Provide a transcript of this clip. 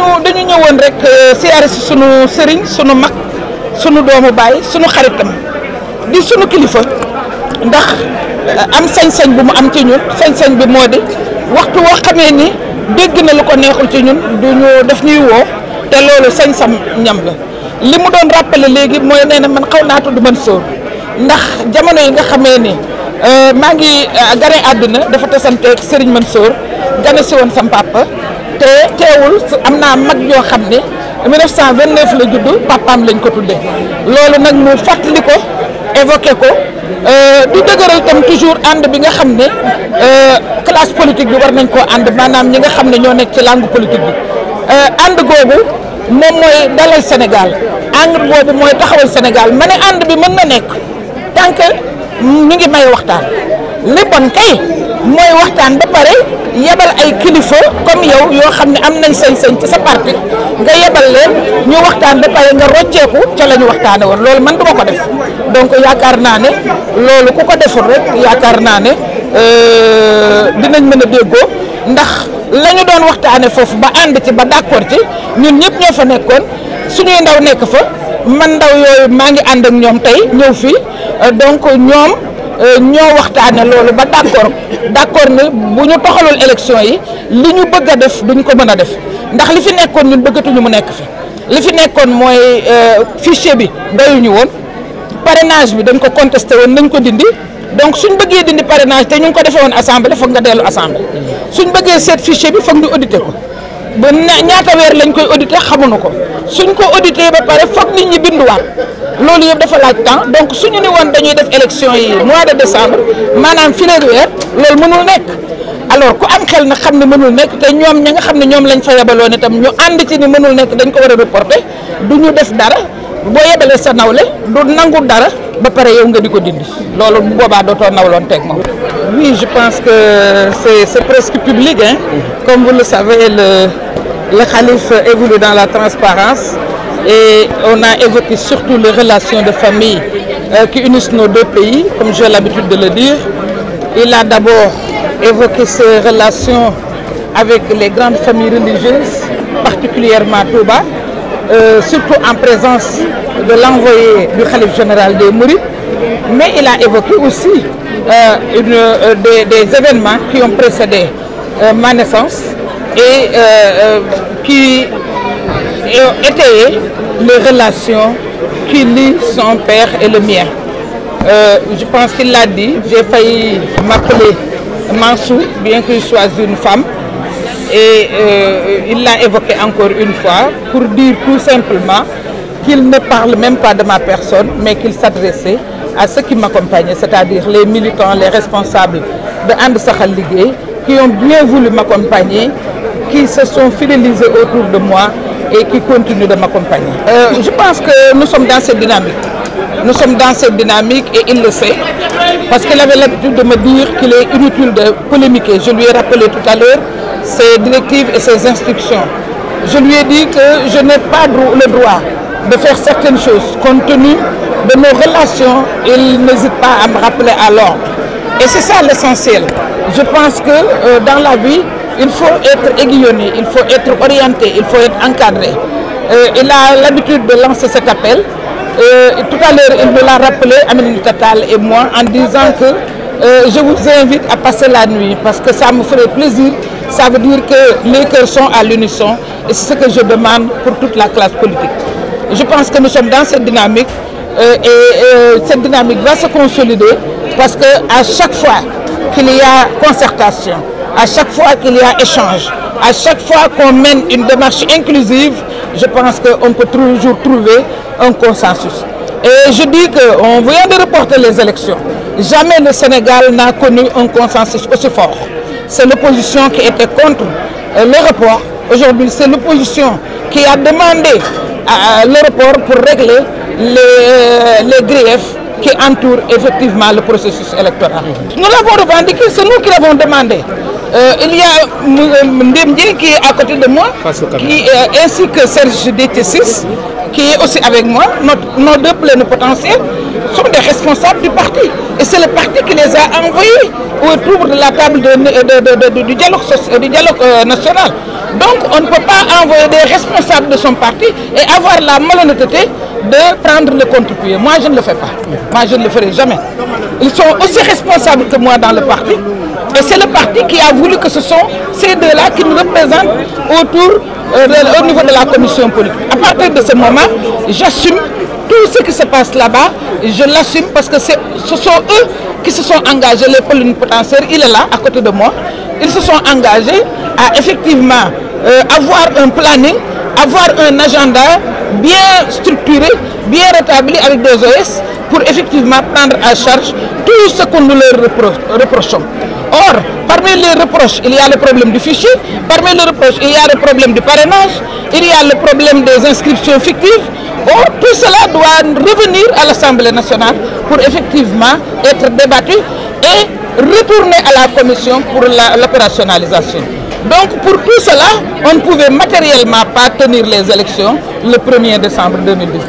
dañu dañu ñëwoon rek euh, siyaare si sunu sëriñ sunu mag sunu doomu baay sunu xaritam di sunu kilifa ndax euh, am sañ-sañ bu mu am ci ñun sañ-sañ bi moo di waxtu woo xamee ni dégg na lu ko neexul ci ñun du ñu def ñuy woo te loolu sañ-sam ñam la li mu doon rappelé léegi mooy nee na man xaw naa tudd man sóor ndax jamono yi nga xamee nii Euh, maa ngi euh, gane àdduna dafa tasanteeg Serigne Mansour gane si woon sam papa te teewul am naa mag ñoo xam ne 1929 la judd papaam lañ ko tudde loolu nag mu fàttali ko évoqué ko euh, du dëgëral tam toujours ànd bi nga xam ne classe politique bi war nañ koo ànd maanaam ñi nga xam ne ñoo nekk ci langue politique bi ànd googu moom mooy dalal Sénégal ànd boobu mooy taxawal Sénégal ma ne ànd bi mën na nekk tant ñu ngi may waxtaan li bon kay mooy waxtaan ba pare yebal ay kilifa comme yow yoo xam ne am nañ sañ-sañ ci sa parti nga yebal leen ñu waxtaan ba pare nga rocceeku ca la ñu waxtaane woon loolu man duma ko def donc yaakaar naa ne loolu ku ko deful rek yaakaar naa ne euh, dinañ mën a déggoo ndax la ñu doon waxtaane foofu ba ànd ci ba d'accord ci ñun ñëpp ñoo fa nekkoon su suñuy ndaw nekk fa man ndaw yooyu maa ngi ànd ak ñoom tey ñëw fii Euh, donc ñoom euh, ñoo waxtaane loolu ba d'accord d'accord ni bu ñu toxalul élection yi li ñu bëgg a def duñ ko mën a def ndax li fi nekkoon ñun bëggatuñu mu nekk fi li fi nekkoon mooy euh, fichier bi doyuñu woon parrainage bi dañ ko contesté woon nañ ko dindi donc suñ bëggee dindi parrainage te ñu ngi ko defee woon assemblée foog nga dellu assemblée suñ bëggee seet fichier bi foog ñu audite ko ba ñaata weer lañ koy audité na ko suñ ko audité ba pare foog nit ñi binduwaat loolu yëpp dafa laaj temps donc ñu ni woon dañuy def élection yi mois de décembre maanaam fileeg weer loolu mënul nekk alors ku am xel na xam ne mënul nekk te ñoom ña nga xam ne ñoom lañ fa yebaloon itam ñu ànd ci ni mënul nekk dañ ko war a reporter du ñu def dara boo yebalee sa nawle du nangu dara ba pare yow nga di ko dindi loolu bu boobaa dootoo nawloon teg moom. oui je pense que c'est c'est presque public hein. comme vous le savez le le khalife dans la transparence et on les relations de famille euh, qui unissent nos deux pays, comme j'ai l'habitude de le dire. Il a d'abord évoqué ses relations avec les grandes familles religieuses, particulièrement Touba, euh, surtout en présence de l'envoyé du Khalif général des Mourides. Mais il a évoqué aussi euh, euh, des, des, événements qui ont précédé euh, ma naissance et et étayer les relations qui lient son père et le mien. Euh, je pense qu'il l'a dit, j'ai failli m'appeler Mansou, bien que je sois une femme. Et euh, il l'a évoqué encore une fois pour dire tout simplement qu'il ne parle même pas de ma personne, mais qu'il s'adressait à ceux qui m'accompagnaient, c'est-à-dire les militants, les responsables de And Sakhal qui ont bien voulu m'accompagner, qui se sont fidélisés autour de moi et qui continue de m'accompagner. Euh, je pense que nous sommes dans cette dynamique. Nous sommes dans cette dynamique et il le sait. Parce qu'il avait l'habitude de me dire qu'il est inutile de polémiquer. Je lui ai rappelé tout à l'heure ses directives et ses instructions. Je lui ai dit que je n'ai pas le droit de faire certaines choses. Compte tenu de nos relations, il n'hésite pas à me rappeler à l'ordre. Et c'est ça l'essentiel. Je pense que euh, dans la vie, il faut être aiguillonné, il faut être orienté, il faut être encadré. Euh, il a l'habitude de lancer cet appel. Euh, tout à l'heure, il me l'a rappelé, Amélie Tatal et moi, en disant que euh, je vous invite à passer la nuit parce que ça me ferait plaisir. Ça veut dire que les cœurs sont à l'unisson et c'est ce que je demande pour toute la classe politique. Je pense que nous sommes dans cette dynamique euh, et euh, cette dynamique va se consolider parce qu'à chaque fois qu'il y a concertation, à chaque fois qu'il y a échange, à chaque fois qu'on mène une démarche inclusive, je pense qu'on peut toujours trouver un consensus. Et je dis qu'on vient de reporter les élections. Jamais le Sénégal n'a connu un consensus aussi fort. C'est l'opposition qui était contre euh, le report. Aujourd'hui, c'est l'opposition qui a demandé euh, le report pour régler les, euh, les griefs qui entourent effectivement le processus électoral. Nous l'avons revendiqué, c'est nous qui l'avons demandé. Euh, il y a euh, Ndemdje qui est à côté de moi, euh, qui, est aussi avec moi. Notre, nos deux pleins potentiels sont des responsables du parti. Et c'est le parti qui les a envoyés autour de la table du dialogue, euh, national. Donc on ne peut pas envoyer des responsables de son parti et avoir la malhonnêteté de prendre le contre Moi, je ne le fais pas. Moi, je ne le ferai jamais. Ils sont responsables que moi dans le parti. c'est le parti qui a voulu que ce sont ces deux-là qui nous représentent autour euh, au niveau de la commission politique. À partir de ce moment, j'assume tout ce qui se passe là-bas, parce que ce sont eux qui se sont engagés, les plénipotentiaires, il est là à côté de moi, ils se sont engagés à effectivement euh, avoir un planning, avoir un agenda bien structuré, bien rétabli avec des OS pour effectivement prendre en charge tout ce qu'on nous leur reprochons. Or, parmi les reproches, il y a le problème du fichier, parmi les reproches, il y a le problème du parrainage, il y a le problème des inscriptions fictives. Or, tout cela doit revenir à l'Assemblée nationale pour effectivement être débattu et retourner à la commission pour l'opérationnalisation. Donc pour tout cela, on ne pouvait matériellement pas les élections le 1er décembre 2019.